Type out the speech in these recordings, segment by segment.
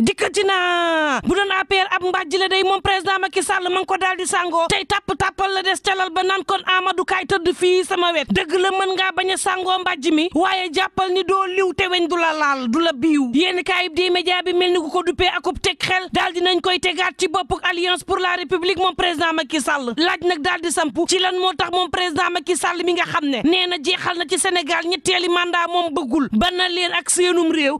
dikkati naa bu doon APR ab mbàjj la day moom président Macky Sall ma ngi ko daal di sàngoo tey tàpp tàppal la des calal ba nan kon Amadou Kaay tëdd fii sama wet dëgg la mën ngaa bañ a sàngoo mbàjj mi waaye jàppal ni doo liw te weñ du la laal du la biiw yéen kaayib di média bi mel ni ku ko duppee akub teg xel daal dinañ koy tegaat ci bopp alliance pour la république moom président Macky Sall laaj nag daal di ci lan moo tax moom président Macky Sall mi nga xam ne nee na jeexal na ci Sénégal ñetteeli mandat moom bëggul ba na leen ak seenum réew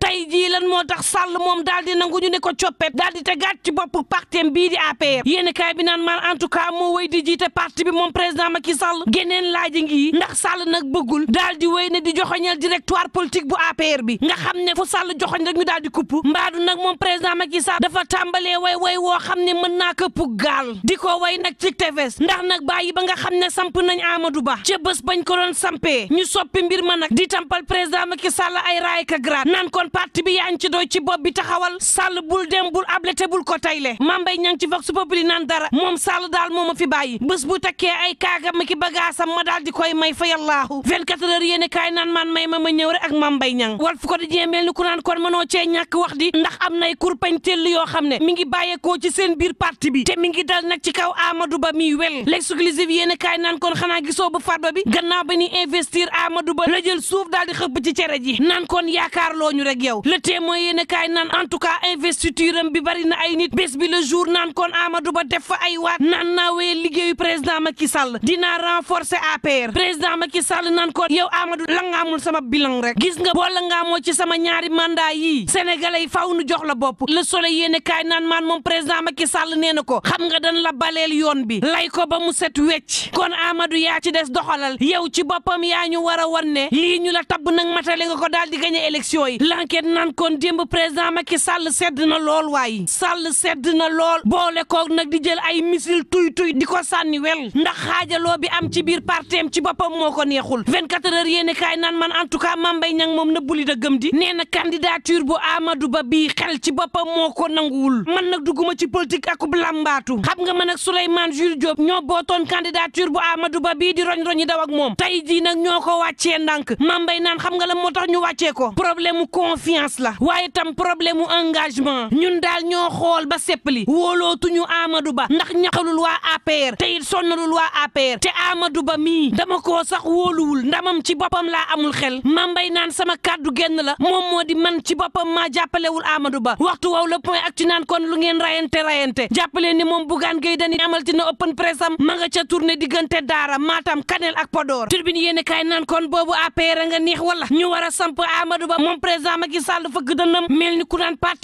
moo tax Sall moom nanguñu ne ko coppet daal di tegaat ci bopp partem bii di APR yéen kaay bi naan maan en tout cas moo wéy di jiite parti bi moom président Macky Sall geneen laaji ngi ndax Sall nag bëggul daal di wéy ne di joxoñal directoire politique bu APR bi nga xam ne fu Sall joxoñ rek ñu daal di kupp mbaadu nag moom président Macky Sall dafa tàmbalee way way woo xam ne mën naa këpp gaal di ko way nag ci tefes ndax nag bàyyi ba nga xam ne samp nañ Amadou Ba ca bës bañ ko doon sampee ñu soppi mbir ma nag di tampal président Macky Sall ay raay ka grade naan kon parti bi yaa ngi ci doy ci bopp taxawal Sall bul dem bul able te bul ko tayle mambay ñang ci vox populi naan dara moom Sall daal moo ma fi bàyyi bés bu takkee ay ma ki bagaasam ma daal di koy may fa yallaahu 24 heures yéen kaay naan man may ma ma ñëw rek ak mambay ñang wal fu ko di jéemeel ni ku naan kon mënoo cee ñàkk wax di ndax am nay kurpañ tell yoo xam ne mi ngi bàyyeekoo ci seen biir parti bi te mi ngi dal nag ci kaw Amadou Ba mi wel l'exclusive yéen kaay nan kon xanaa gisoo ba faat ba bi gannaaw ba ni investir Amadou Ba la jël suuf daal di cere ji naan kon yaakaar looñu rek yow le témoin yéen kaay naan tout cas investiture am bi bari na ay nit bés bi le jour naan kon Amadou Ba def ay waat naan na wéyal liggéeyu président Macky Sall dinaa renforcer APR président Macky Sall naan kon yow Amadou la ngaamul sama bilan rek gis nga boo la ci sama ñaari mandat yii sénégalais yi faaw nu jox la bopp le soleil yéene kaay naan maan moom président Macky Sall nee na ko xam nga dan la baleel yoon bi lay ko ba mu set wecc kon Amadou yaa ci des doxalal yow ci boppam yaa ñu war a wan ne lii ñu la tabb nag matale nga ko daal di gagné élection yi l'enquête naan kon président Macky Sall sedd na lool waaye sàll sedd na lool boole koog nag di jël ay misil tuy tuy di ko sànni wel ndax xaajaloo bi am ci biir parteem ci boppam moo ko neexul 24 heures yéen kaay nan man en tout cas moom na Niang a nëbbuli dëggam di nee na candidature bu amadu Ba bii xel ci boppam moo ko nanguwul man nag dugguma ci politique ak blambaatu xam nga man ak Souleymane Jules Diop ñoo bootoon candidature bu Amadou Ba bii di roñ roñi daw ak moom tey jii nag ñoo ko wàccee ndànk Mame Mbaye xam nga la moo tax ñu wàccee ko problème mu confiance la waaye tam problème mu engagement ñun daal ñoo xool ba seppali wóolootuñu Amadou Ba ndax ñaxalul waa APR te it sonnalul waa APR te Amadou Ba mii dama koo sax wooluwul ndamam ci boppam laa amul xel ma mbay naan sama kàddu génn la moom moo di man ci boppam maa jàppalewul Amadou Ba waxtu waw la point ak ci naan kon lu ngeen rayante rayante jàppale ni moom Bougane Gueye Dany amalti na open press am nga ca turne diggante Daara Matam Kanel ak Podor turbine yéene kaay naan kon boobu APR nga neex wala ñu war a samp Amadou Ba moom président Macky Sall fëgg dënnam mel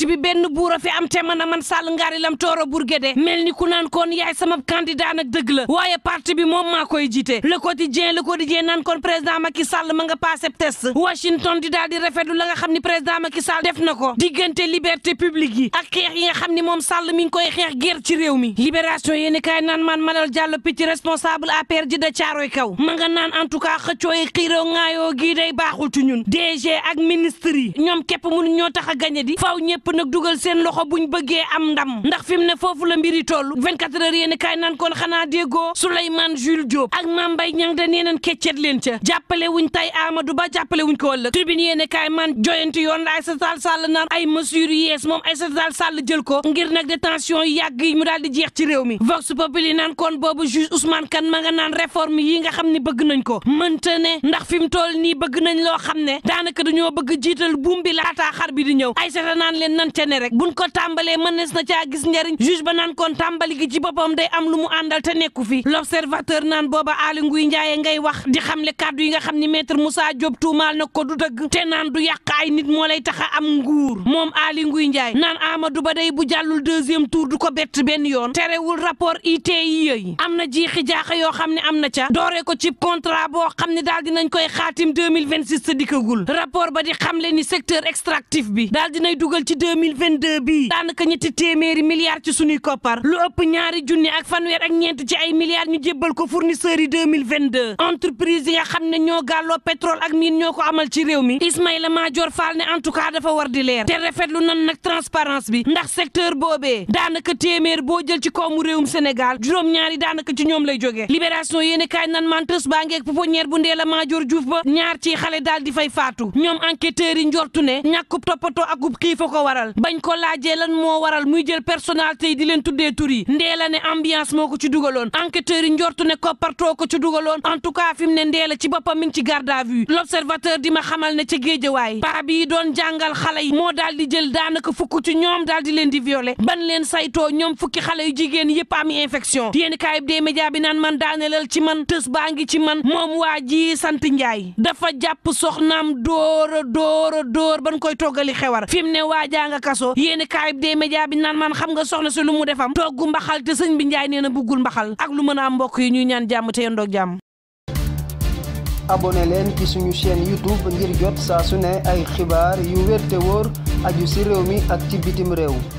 bi benn buur a fi am te man a man Sall ngaari lam tooro Bourguédé mel ni ku naan kon yaay sama candidat nag dëgg la waaye parti bi moom maa koy jiite le quotidien le quotidien naan kon président Macky Sall ma nga passé test Washington di daal di rafetlu la nga xam ni président Macky Sall def na ko diggante liberté publique yi ak xeex yi nga xam ni moom Sall mi ngi koy xeex guerre ci réew mi libération yéeni kaay naan maan Malal Diallo picc responsable APR ji da caaroy kaw ma nga naan en tout cas xëccoo yi xiiroo ŋaayoo gii day baaxul ci ñun DG ak ministre yi ñoom képp mënu ñoo tax a gañe di nag dugal seen loxo buñ bëggee am ndam ndax fi mu ne foofu la mbiri toll 24 heures yéen kaay naan kon xanaa déggoo Souleymane Jules Diop ak Mame Mbaye Niang da neeneen keccet leen ca jàppale wuñ tay Amadou Ba jàppale wuñ ko ëllëg tribune yéen kaay man joyanti yoon la Aïssata Tall Sall naan ay mesures yu yees moom Aïssata Tall Sall jël ko ngir nag détention yi yàgg yi mu daal di jeex ci réew mi Vox i nan kon boobu juge Ousmane Kane ma nga naan réforme yi nga xam ni bëgg nañ ko mënta ne ndax fi mu toll nii bëgg nañ loo xam ne daanaka dañoo bëgg jiital buum bi laataa xar bi di ñëw xamante ne rek buñ ko tàmbalee mënees na caa gis njariñ juge ba naan kon tàmbali gi ci boppam day am lu mu àndal te nekku fi l'observateur naan booba Aly Ngouille Ndiaye ngay wax di xam le kàddu yi nga xam ni maître Moussa Diop tuumaal na ko du dëgg te naan du yàq ay nit moo lay tax a am nguur moom Aly Ngouille Ndiaye naan Amadou Ba day bu jàllul deuxième tour du ko bett benn yoon tere terewul rapport ITIE yi am na jiixi jaaxa yoo xam ne am na ca dooree ko ci contrat boo xam ne daal dinañ koy xaatim 2026 sa dikkagul rapport ba di xamle ni secteur extractif bi deux mille vingt deux bii daanaka ñetti téeméeri milliards ci sunuy koppar lu ëpp ñaari junni ak fanweer ak ñeent ci ay milliards ñu jébbal ko fournisseurs yi deux mille vingt deux entreprise yi nga xam ne ñoo gàlloo pétrole ak miin ñoo ko amal ci réew mi la Madior Fall ne en tout cas dafa war di leer te rafetlu nan nag transparence bi ndax secteur boobee daanaka téeméer boo jël ci koomu réewum Sénégal juróom-ñaari daanaka ci ñoom lay joge libération yéen kaay nan man tës baa ngeeg pouponnière bu ndee la Madior Diouf ba ñaar ci xale daal di fay faatu ñoom enquêteurs yi njortu ne ñàkkub waral bañ ko laajee lan moo waral muy jël personnalité di leen tuddee tur yi ndeela ne ambiance moo ko ci dugaloon enquêteurs yi njortu ne koppartoo ko ci dugaloon en tout cas fi ne ndeela ci boppam mi ci garde à vue l'observateur di ma xamal ne ca géejawaay paa bi doon jàngal xale yi moo daal di jël daanaka fukk ci ñoom daal di leen di violer ban leen saytoo ñoom fukki xale jigéen yëpp am infection yéen kaayib dee média bi man daanelal ci man tës baa ngi ci man moom nga kaso yéen kaayib des média bi naan man xam nga soxna si lu mu defam togg mbaxal te sëñ bi njaay nee na buggul mbaxal ak lu mën a mbokk yi ñuy ñaan jàmm te doo jàmm abonné leen ci suñu seen youtube ngir jot saa su ne ay xibaar yu wér te wóor aju si réew mi ak ci bitim réew